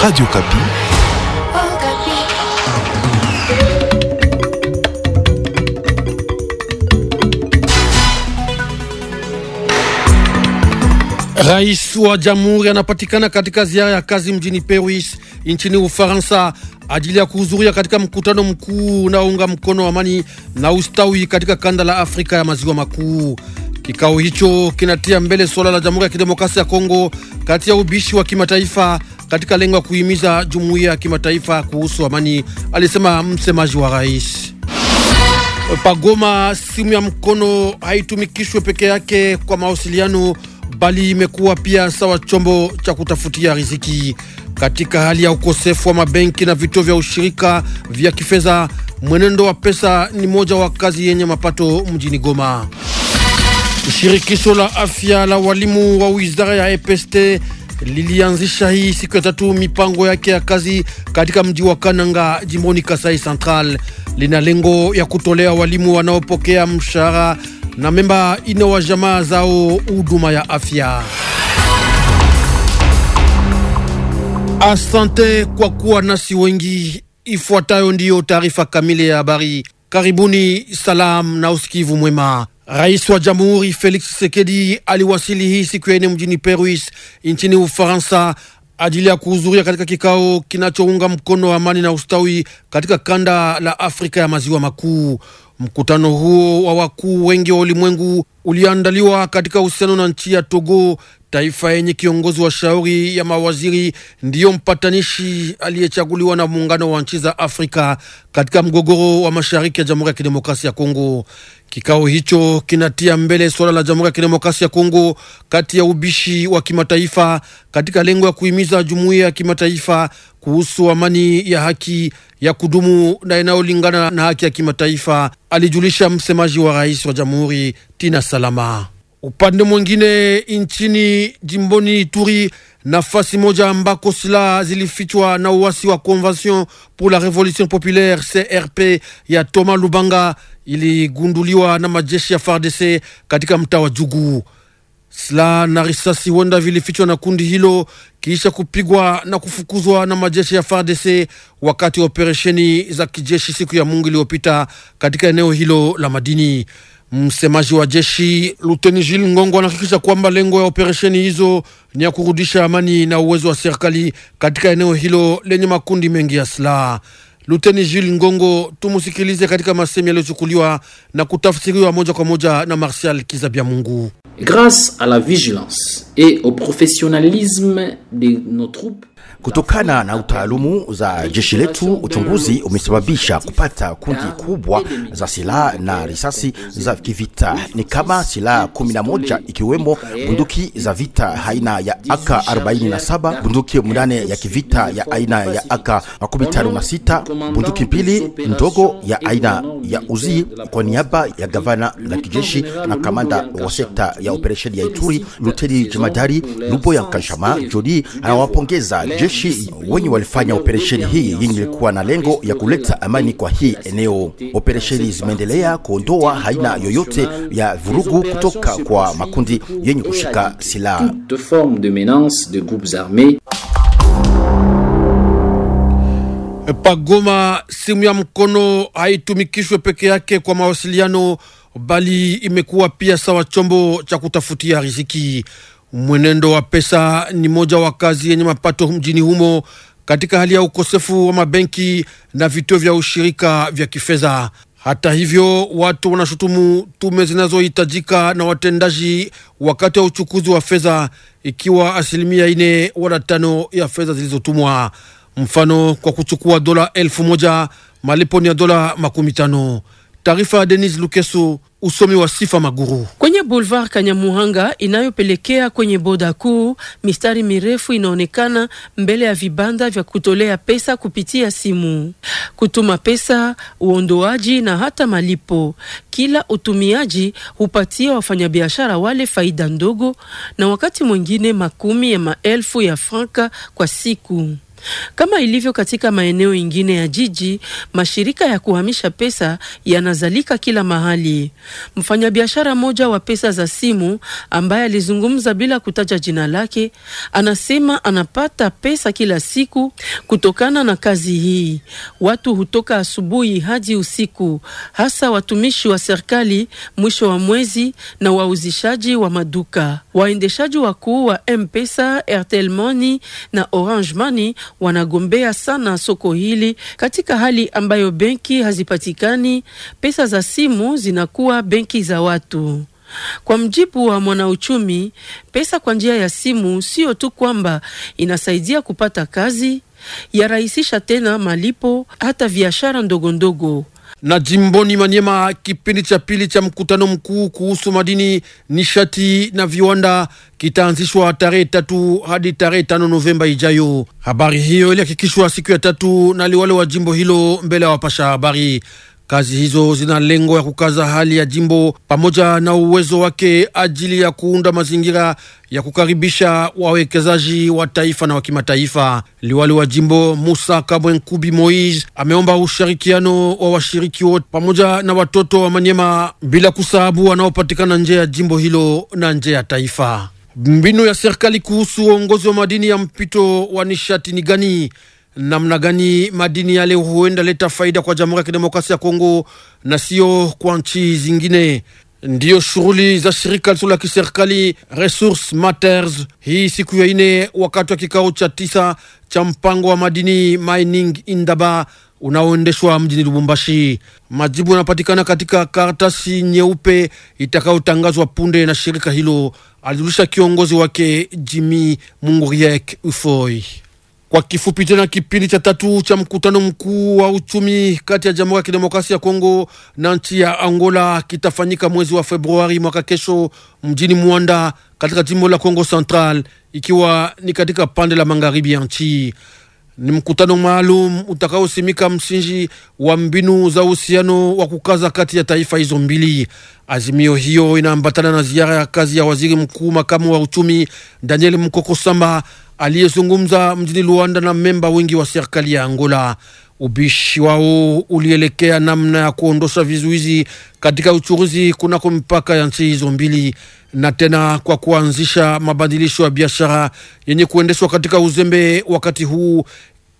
Radio Kapi. Rais wa Jamhuri anapatikana katika ziara ya kazi mjini Paris nchini Ufaransa ajili ya kuhudhuria katika mkutano mkuu unaounga mkono amani na ustawi katika kanda la Afrika ya Maziwa Makuu. Kikao hicho kinatia mbele suala la Jamhuri ya Kidemokrasia ya Kongo kati ya ubishi wa kimataifa katika lengo ya kuhimiza jumuiya ya kimataifa kuhusu amani, alisema msemaji wa rais. Pagoma, simu ya mkono haitumikishwe peke yake kwa mawasiliano, bali imekuwa pia sawa chombo cha kutafutia riziki. Katika hali ya ukosefu wa mabenki na vituo vya ushirika vya kifedha, mwenendo wa pesa ni moja wa kazi yenye mapato mjini Goma. Shirikisho la afya la walimu wa wizara ya EPST lilianzisha hii siku ya tatu mipango yake ya kazi katika mji wa Kananga jimboni Kasai Central. Lina lengo ya kutolea walimu wanaopokea mshahara na memba ine wa jamaa zao huduma ya afya. Asante kwa kuwa nasi wengi. Ifuatayo ndiyo taarifa kamili ya habari. Karibuni, salam na usikivu mwema. Rais wa Jamhuri Felix Tshisekedi aliwasili hii siku ya nne mjini Paris nchini Ufaransa ajili ya kuhudhuria katika kikao kinachounga mkono amani na ustawi katika kanda la Afrika ya Maziwa Makuu. Mkutano huo wa wakuu wengi wa ulimwengu uliandaliwa katika uhusiano na nchi ya Togo, taifa yenye kiongozi wa shauri ya mawaziri ndiyo mpatanishi aliyechaguliwa na muungano wa nchi za Afrika katika mgogoro wa mashariki ya Jamhuri ya Kidemokrasia ya Kongo. Kikao hicho kinatia mbele suala la Jamhuri ya Kidemokrasia ya Kongo kati ya ubishi wa kimataifa katika lengo ya kuhimiza jumuiya ya kimataifa kuhusu amani ya haki ya kudumu na inayolingana na haki ya kimataifa, alijulisha msemaji wa rais wa jamhuri Tina Salama. Upande mwingine, nchini jimboni Ituri, nafasi moja ambako silaha zilifichwa na uasi wa Convention pour la Revolution Populaire CRP ya Thomas Lubanga iligunduliwa na majeshi ya FARDC katika mtaa wa Jugu. Silaha na risasi huenda vilifichwa na kundi hilo kisha kupigwa na kufukuzwa na majeshi ya FARDC wakati wa operesheni za kijeshi siku ya Mungu iliyopita katika eneo hilo la madini. Msemaji wa jeshi Luteni Jil Ngongo anahakikisha kwamba lengo ya operesheni hizo ni ya kurudisha amani na uwezo wa serikali katika eneo hilo lenye makundi mengi ya silaha. Luteni Jules Ngongo, tumusikilize katika masemi yaliyochukuliwa na kutafsiriwa moja kwa moja na Martial Kizabia Mungu. Grâce à la vigilance et au professionnalisme de nos troupes Kutokana na utaalumu za jeshi letu, uchunguzi umesababisha kupata kundi kubwa za silaha na risasi za kivita, ni kama silaha 11 ikiwemo bunduki za vita aina ya AK47, bunduki mnane ya kivita ya aina ya AK56, bunduki mbili ndogo ya aina ya Uzi kwa niaba ya gavana la kijeshi na kamanda wa sekta ya operesheni ya Ituri, Luteni Jemadari Luboya Nkashama Jodi anawapongeza jeshi Wanajeshi wenye walifanya operesheni hii yenye ilikuwa na lengo ya kuleta amani kwa hii eneo. Operesheni zimeendelea kuondoa aina yoyote ya vurugu kutoka kwa makundi yenye kushika silaha. Pagoma, simu ya mkono haitumikishwe peke yake kwa mawasiliano, bali imekuwa pia sawa chombo cha kutafutia riziki. Mwenendo wa pesa ni moja wa kazi yenye mapato mjini humo katika hali ya ukosefu wa mabenki na vituo vya ushirika vya kifedha. Hata hivyo, watu wanashutumu tume zinazohitajika na watendaji wakati wa uchukuzi wa fedha, ikiwa asilimia ine wala tano ya fedha zilizotumwa. Mfano, kwa kuchukua dola elfu moja malipo ni ya dola makumi tano. Taarifa ya Denis Lukeso, usomi wa Sifa Maguru. Kwenye boulevard Kanyamuhanga inayopelekea kwenye boda kuu, mistari mirefu inaonekana mbele ya vibanda vya kutolea pesa kupitia simu, kutuma pesa, uondoaji na hata malipo. Kila utumiaji hupatia wafanyabiashara wale faida ndogo na wakati mwingine makumi ya maelfu ya franka kwa siku. Kama ilivyo katika maeneo ingine ya jiji, mashirika ya kuhamisha pesa yanazalika kila mahali. Mfanyabiashara mmoja wa pesa za simu ambaye alizungumza bila kutaja jina lake, anasema anapata pesa kila siku kutokana na kazi hii. Watu hutoka asubuhi hadi usiku, hasa watumishi wa serikali mwisho wa mwezi na wauzishaji wa maduka. Waendeshaji wakuu wa M-Pesa, Airtel Money na Orange Money wanagombea sana soko hili katika hali ambayo benki hazipatikani, pesa za simu zinakuwa benki za watu. Kwa mjibu wa mwanauchumi, pesa kwa njia ya simu sio tu kwamba inasaidia kupata kazi, yarahisisha tena malipo, hata biashara ndogo ndogo. Na jimboni Manyema, kipindi cha pili cha mkutano mkuu kuhusu madini, nishati na viwanda kitaanzishwa tarehe tatu hadi tarehe tano Novemba ijayo. Habari hiyo ilihakikishwa siku ya tatu na liwale wa jimbo hilo mbele ya wapasha habari. Kazi hizo zina lengo ya kukaza hali ya jimbo pamoja na uwezo wake ajili ya kuunda mazingira ya kukaribisha wawekezaji wa taifa na wa kimataifa. Liwali wa jimbo Musa Nkubi Moise ameomba ushirikiano wa washiriki wote pamoja na watoto wa Manyema bila kusahabu wanaopatikana nje ya jimbo hilo na nje ya taifa. Mbinu ya serikali kuhusu uongozi wa madini ya mpito wa nishati ni gani? namna gani madini yale huenda leta faida kwa Jamhuri ya Kidemokrasia ya Kongo na sio kwa nchi zingine. Ndiyo shughuli za shirika lisilo la kiserikali Resource Matters hii siku ya ine wakati wa kikao cha tisa cha mpango wa madini Mining Indaba unaoendeshwa mjini Lubumbashi. Majibu yanapatikana katika karatasi nyeupe itakayotangazwa punde na shirika hilo, alijulisha kiongozi wake Jimmy Munguriek Ufoi. Kwa kifupi tena, kipindi cha tatu cha mkutano mkuu wa uchumi kati ya Jamhuri ya Kidemokrasia ya Kongo na nchi ya Angola kitafanyika mwezi wa Februari mwaka kesho mjini Mwanda katika jimbo la Kongo Central, ikiwa ni katika pande la magharibi ya nchi. Ni mkutano maalum utakaosimika msingi wa mbinu za uhusiano wa kukaza kati ya taifa hizo mbili. Azimio hiyo inaambatana na ziara ya kazi ya waziri mkuu makamu wa uchumi Daniel Mkoko Samba aliyezungumza mjini Luanda na memba wengi wa serikali ya Angola. Ubishi wao ulielekea namna ya kuondosha vizuizi katika uchuruzi kunako mipaka ya nchi hizo mbili na tena kwa kuanzisha mabadilisho ya biashara yenye kuendeshwa katika uzembe wakati huu,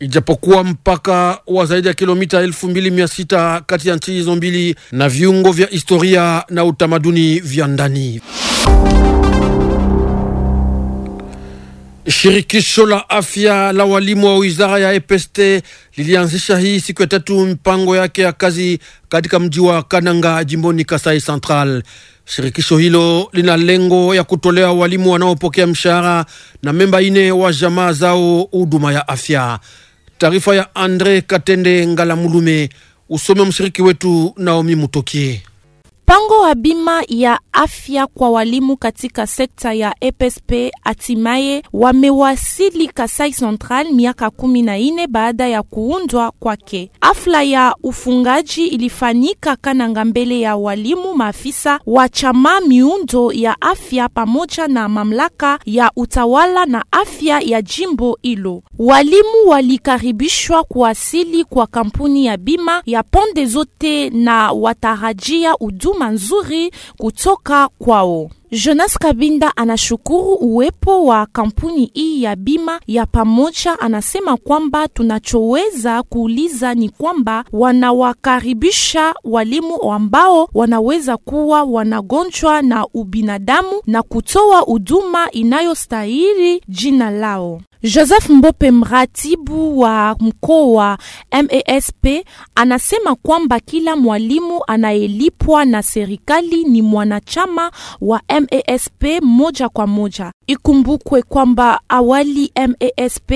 ijapokuwa mpaka wa zaidi ya kilomita elfu mbili mia sita kati ya nchi hizo mbili na viungo vya historia na utamaduni vya ndani Shirikisho la afya la walimu wa wizara ya EPST lilianzisha hii siku ya tatu mpango yake ya kazi katika mji wa Kananga jimboni Kasai Central. Shirikisho hilo lina lengo ya kutolea walimu wanaopokea mshahara na memba ine wa jamaa zao huduma ya afya. Taarifa ya Andre Katende Ngalamulume, usome mshiriki wetu Naomi Mutokie. Mpango wa bima ya afya kwa walimu katika sekta ya EPSP hatimaye wamewasili Kasai Central miaka kumi na nne baada ya kuundwa kwake. Afla ya ufungaji ilifanyika Kananga mbele ya walimu, maafisa wa chama, miundo ya afya pamoja na mamlaka ya utawala na afya ya jimbo hilo. Walimu walikaribishwa kuasili kwa kampuni ya bima ya pande zote na watarajia huduma huduma nzuri kutoka kwao. Jonas Kabinda anashukuru uwepo wa kampuni hii ya bima ya pamoja. Anasema kwamba tunachoweza kuuliza ni kwamba wanawakaribisha walimu ambao wanaweza kuwa wanagonjwa na ubinadamu na kutoa huduma inayostahili jina lao. Joseph Mbope, mratibu wa mkoa MASP, anasema kwamba kila mwalimu anayelipwa na serikali ni mwanachama wa MASP moja kwa moja. Ikumbukwe kwamba awali MASP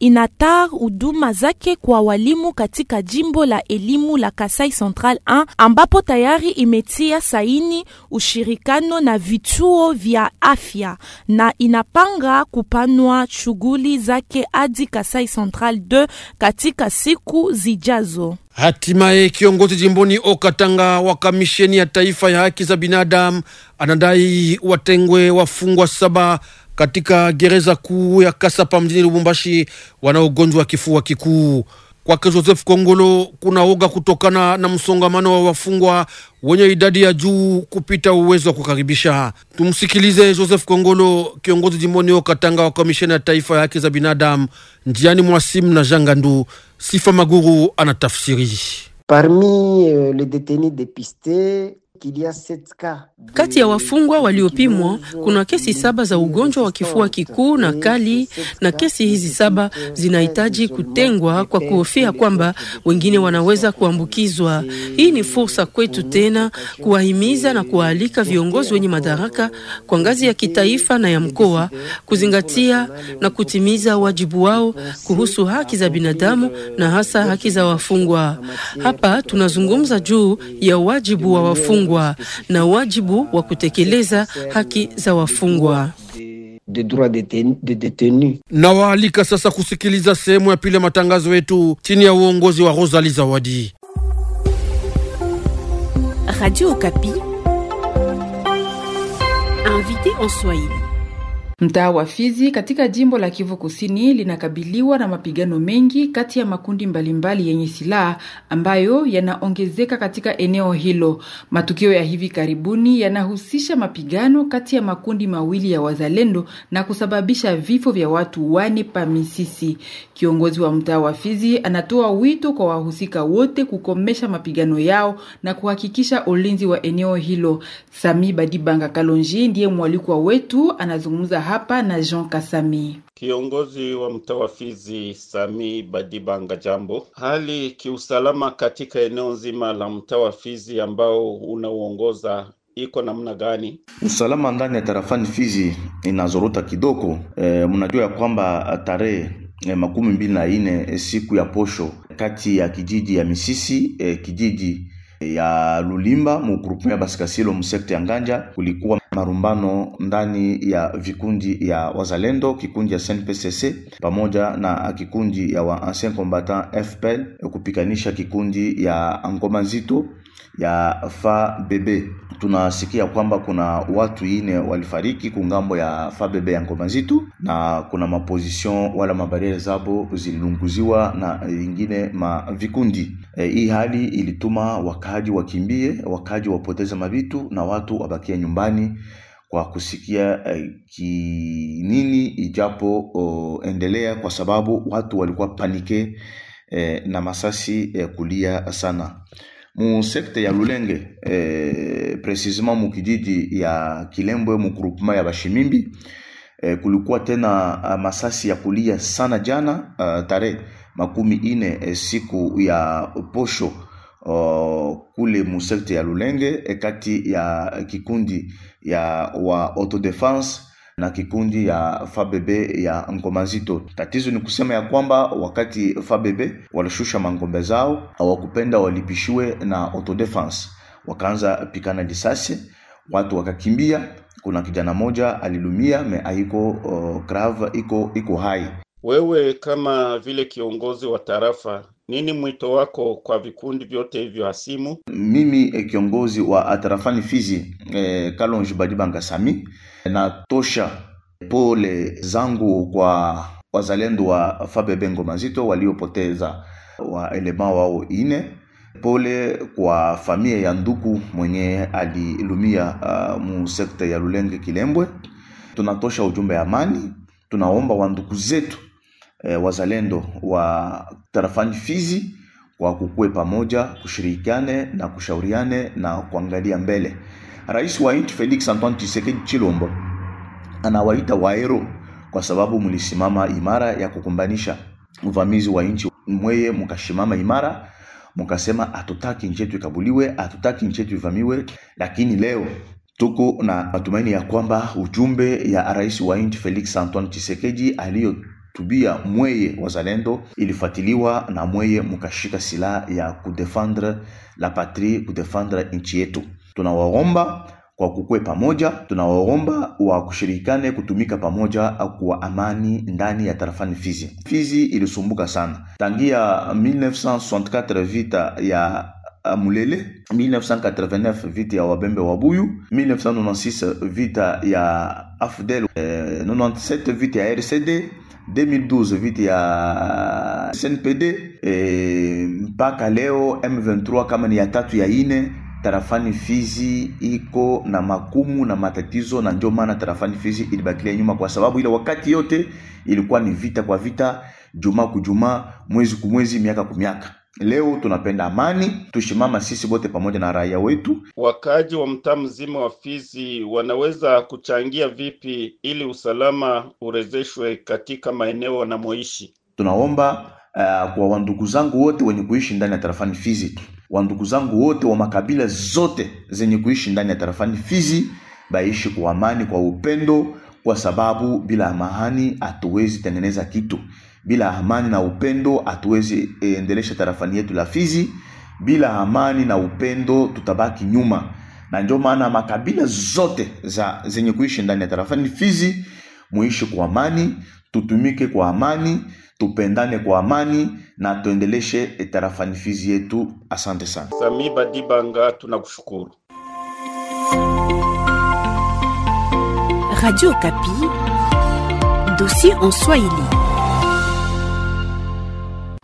inatar huduma zake kwa walimu katika jimbo la elimu la Kasai Central 1 ambapo tayari imetia saini ushirikano na vituo vya afya na inapanga kupanua shughuli zake hadi Kasai Central 2 katika siku zijazo. Hatimaye kiongozi jimboni Okatanga wa kamisheni ya taifa ya haki za binadamu anadai watengwe wafungwa saba katika gereza kuu ya Kasapa mjini Lubumbashi wanaogonjwa kifua kikuu. Kwake Joseph Kongolo kunaoga kutokana na msongamano wa wafungwa wenye idadi ya juu kupita uwezo wa kukaribisha. Tumsikilize Joseph Kongolo, kiongozi jimboni Katanga wa komisheni ya taifa ya haki za binadamu, njiani mwasimu na Jangandu. Sifa Maguru anatafsiri. Parmi euh, les détenus dépistés kati ya wafungwa waliopimwa kuna kesi saba za ugonjwa wa kifua kikuu na kali, na kesi hizi saba zinahitaji kutengwa kwa kuhofia kwamba wengine wanaweza kuambukizwa. Hii ni fursa kwetu tena kuwahimiza na kuwaalika viongozi wenye madaraka kwa ngazi ya kitaifa na ya mkoa kuzingatia na kutimiza wajibu wao kuhusu haki za binadamu na hasa haki za wafungwa. Hapa tunazungumza juu ya wajibu wa wafungwa wafungwa na wajibu wa kutekeleza haki za wafungwa. Nawaalika sasa kusikiliza sehemu ya pili ya matangazo yetu chini ya uongozi wa Rosali Zawadi. Radio Okapi, invité en Swahili. Mtaa wa Fizi katika jimbo la Kivu Kusini linakabiliwa na mapigano mengi kati ya makundi mbalimbali yenye silaha ambayo yanaongezeka katika eneo hilo. Matukio ya hivi karibuni yanahusisha mapigano kati ya makundi mawili ya wazalendo na kusababisha vifo vya watu wane pa Misisi. Kiongozi wa mtaa wa Fizi anatoa wito kwa wahusika wote kukomesha mapigano yao na kuhakikisha ulinzi wa eneo hilo. Sami Badibanga Kalonji ndiye mwalikwa wetu, anazungumza hapa na Jean Kasami, kiongozi wa fizi Sami Badibanga. Jambo, hali kiusalama katika eneo nzima la wa fizi ambao unauongoza iko namna gani? Usalama ndani ya tarafani Fizi inazorota kidogo. E, eh, mnajua ya kwamba tarehe e, makumi mbili na e, siku ya posho kati ya kijiji ya Misisi e, kijiji ya Lulimba mu ya Basikasilo msekta ya Nganja kulikuwa marumbano ndani ya vikundi ya wazalendo kikundi ya SNPCC pamoja na kikundi ya wa ancien combattant FPL kupikanisha kikundi ya ngoma nzito ya bebe Tunasikia kwamba kuna watu ine walifariki kungambo ya bebe ya Ngoma zitu na kuna maposition wala mabariere zabo zililunguziwa na ingine ma vikundi. E, hii hali ilituma wakaaji wakimbie, wakaji wapoteza mavitu na watu wabakia nyumbani kwa kusikia eh, kinini ijapo oh, endelea kwa sababu watu walikuwa panike eh, na masasi eh, kulia sana mu sekte ya lulenge eh, precisement kijiji ya kilembwe mugrupema ya bashimimbi eh, kulikuwa tena ah, masasi ya kulia sana jana uh, tarehe makumi ine eh, siku ya posho uh, kule musekte ya lulenge eh, kati ya eh, kikundi ya wa autodefense na kikundi ya fabebe ya ngoma zito Tatizo ni kusema ya kwamba wakati fabebe walishusha mangombe zao hawakupenda walipishiwe na autodefense, wakaanza pikana risasi, watu wakakimbia. Kuna kijana moja alilumia me haiko uh, grave iko iko hai. Wewe kama vile kiongozi wa tarafa nini mwito wako kwa vikundi vyote hivyo hasimu? Mimi eh, kiongozi wa atarafani Fizi eh, Kalonji Badiba Ngasami, natosha pole zangu kwa wazalendo wa Fabe Bengo Mazito waliopoteza waelema wao ine. Pole kwa familia ya nduku mwenye alilumia uh, mu sekta ya Lulenge Kilembwe. Tunatosha ujumbe ya amani, tunaomba wanduku zetu e, wazalendo wa tarafani Fizi kwa kukue pamoja, kushirikiane na kushauriane na kuangalia mbele. Rais wa nchi Felix Antoine Tshisekedi Chilombo anawaita waero kwa sababu mlisimama imara ya kukumbanisha uvamizi wa nchi mweye, mkashimama imara mkasema, hatutaki nchi yetu ikabuliwe, hatutaki nchi yetu ivamiwe. Lakini leo tuko na matumaini ya kwamba ujumbe ya rais wa nchi Felix Antoine Tshisekedi aliyo tubia mweye wazalendo ilifuatiliwa na mweye mkashika silaha ya kudefendre la patrie, kudefendre nchi yetu. Tunawaomba kwa kukwe pamoja, tunawaomba wakushirikane kutumika pamoja kwa amani ndani ya tarafani Fizi. Fizi ilisumbuka sana tangia 1964 vita ya mulele 1989 vita ya Wabembe wa Buyu 1996 vita ya Afdel eh, 97 vita ya RCD 2012 vita ya SNPD eh, mpaka leo M23 kama ni ya tatu ya ine tarafani Fizi iko na makumu na matatizo, na ndio maana tarafani Fizi ilibakilia nyuma, kwa sababu ile wakati yote ilikuwa ni vita kwa vita, juma kujuma, mwezi kumwezi, miaka kumiaka. Leo tunapenda amani, tushimama sisi wote pamoja na raia wetu. Wakaaji wa mtaa mzima wa Fizi wanaweza kuchangia vipi ili usalama urezeshwe katika maeneo wanamoishi? Tunaomba uh, kwa wandugu zangu wote wenye kuishi ndani ya tarafani Fizi, wandugu zangu wote wa makabila zote zenye kuishi ndani ya tarafani Fizi baishi kwa amani, kwa upendo, kwa sababu bila amani hatuwezi tengeneza kitu. Bila amani na upendo hatuwezi eh, endelesha tarafani yetu la Fizi. Bila amani na upendo tutabaki nyuma, na ndio maana makabila zote za zenye kuishi ndani ya tarafani Fizi, muishi kwa amani, tutumike kwa amani, tupendane kwa amani na tuendeleshe eh, tarafani Fizi yetu. Asante sana Sami Badibanga, tunakushukuru. Radio Kapi, dossier en Swahili.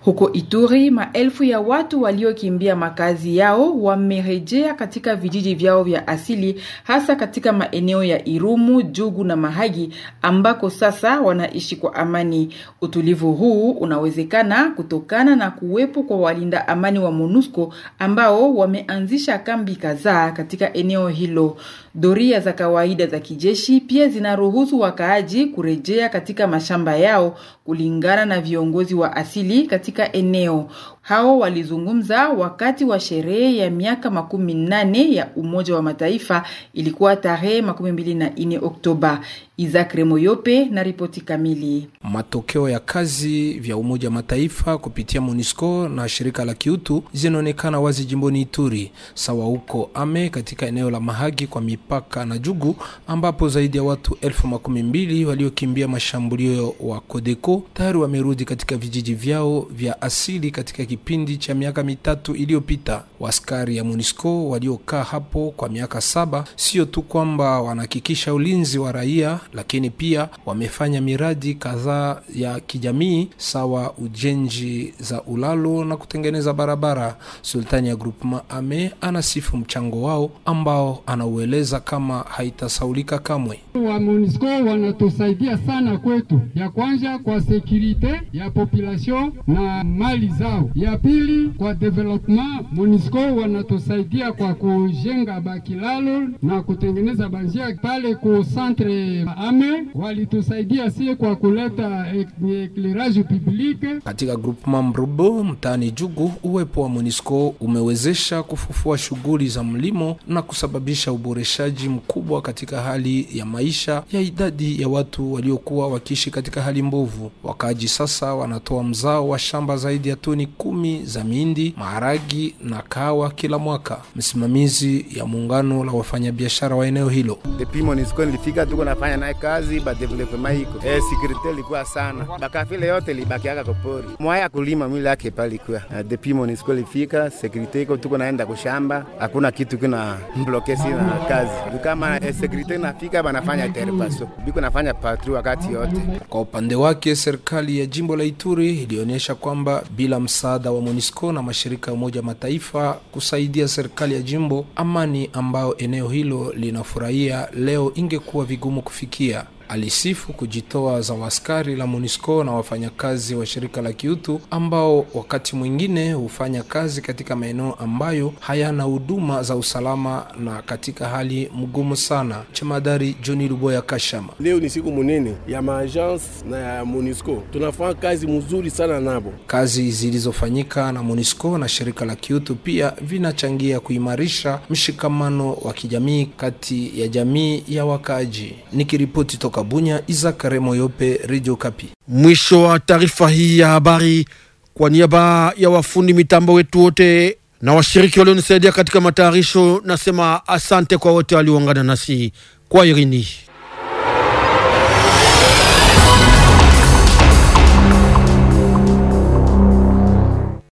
Huko Ituri, maelfu ya watu waliokimbia makazi yao wamerejea katika vijiji vyao vya asili, hasa katika maeneo ya Irumu, Jugu na Mahagi ambako sasa wanaishi kwa amani. Utulivu huu unawezekana kutokana na kuwepo kwa walinda amani wa MONUSCO ambao wameanzisha kambi kadhaa katika eneo hilo. Doria za kawaida za kijeshi pia zinaruhusu wakaaji kurejea katika mashamba yao kulingana na viongozi wa asili katika eneo. Hao walizungumza wakati wa sherehe ya miaka makumi nane ya Umoja wa Mataifa ilikuwa tarehe makumi mbili na nne Oktoba. Isaac Remoyope na ripoti kamili. Matokeo ya kazi vya Umoja wa Mataifa kupitia MONUSCO na shirika la kiutu zinaonekana wazi jimboni Ituri, sawa huko Ame katika eneo la Mahagi kwa mipaka na Jugu, ambapo zaidi ya watu elfu makumi mbili waliokimbia mashambulio wa Kodeko tayari wamerudi katika vijiji vyao vya asili katika kipindi cha miaka mitatu iliyopita. Waskari ya MONUSCO waliokaa hapo kwa miaka saba, sio tu kwamba wanahakikisha ulinzi wa raia, lakini pia wamefanya miradi kadhaa ya kijamii sawa ujenzi za ulalo na kutengeneza barabara. Sultani ya Grupma AME anasifu mchango wao ambao anaueleza kama haitasaulika kamwe. Wa MONUSCO wanatusaidia sana kwetu, ya kwanza kwa sekurite ya population na mali zao ya pili kwa development, MONUSCO wanatusaidia kwa kujenga bakilalo na kutengeneza banjia pale ku centre ame, walitusaidia si kwa kuleta eclairage public katika groupement mrobo mtaani Jugu. Uwepo wa monisco umewezesha kufufua shughuli za mlimo na kusababisha uboreshaji mkubwa katika hali ya maisha ya idadi ya watu waliokuwa wakiishi katika hali mbovu. Wakaaji sasa wanatoa mzao wa shamba zaidi ya toni kumi za mindi, maharagi na kawa kila mwaka. Msimamizi ya muungano la wafanyabiashara wa eneo hilo, vipimo nisiko nilifika, tuko nafanya naye kazi badevelepema iko e, eh, sekurite ilikuwa sana bakafile yote libakiaka kopori mwaya kulima mwili yake palikuwa depimo eh, nisiko lifika, sekurite iko tuko naenda kushamba, hakuna kitu kina mbloke na kazi kama e, eh, sekurite nafika banafanya terpaso biko nafanya patru wakati yote. Kwa upande wake serikali ya jimbo la Ituri ilionyesha kwamba bila msaada msaada wa MONUSCO na mashirika ya Umoja Mataifa kusaidia serikali ya jimbo amani ambayo eneo hilo linafurahia leo ingekuwa vigumu kufikia. Alisifu kujitoa za waaskari la MONUSCO na wafanyakazi wa shirika la kiutu ambao wakati mwingine hufanya kazi katika maeneo ambayo hayana huduma za usalama na katika hali mgumu sana. Chamadari Johni Luboya Kashama: leo ni siku munene ya maagence na ya MONUSCO, tunafanya kazi mzuri sana nabo. Kazi zilizofanyika na MONUSCO na shirika la kiutu pia vinachangia kuimarisha mshikamano wa kijamii kati ya jamii ya wakaaji. Nikiripoti toka kutoka Bunya, Isaac Remoyope, Radio Kapi. Mwisho wa taarifa hii ya habari, kwa niaba ya wafundi mitambo wetu wote na washiriki walionisaidia katika matayarisho, nasema asante kwa wote walioungana nasi kwa irini.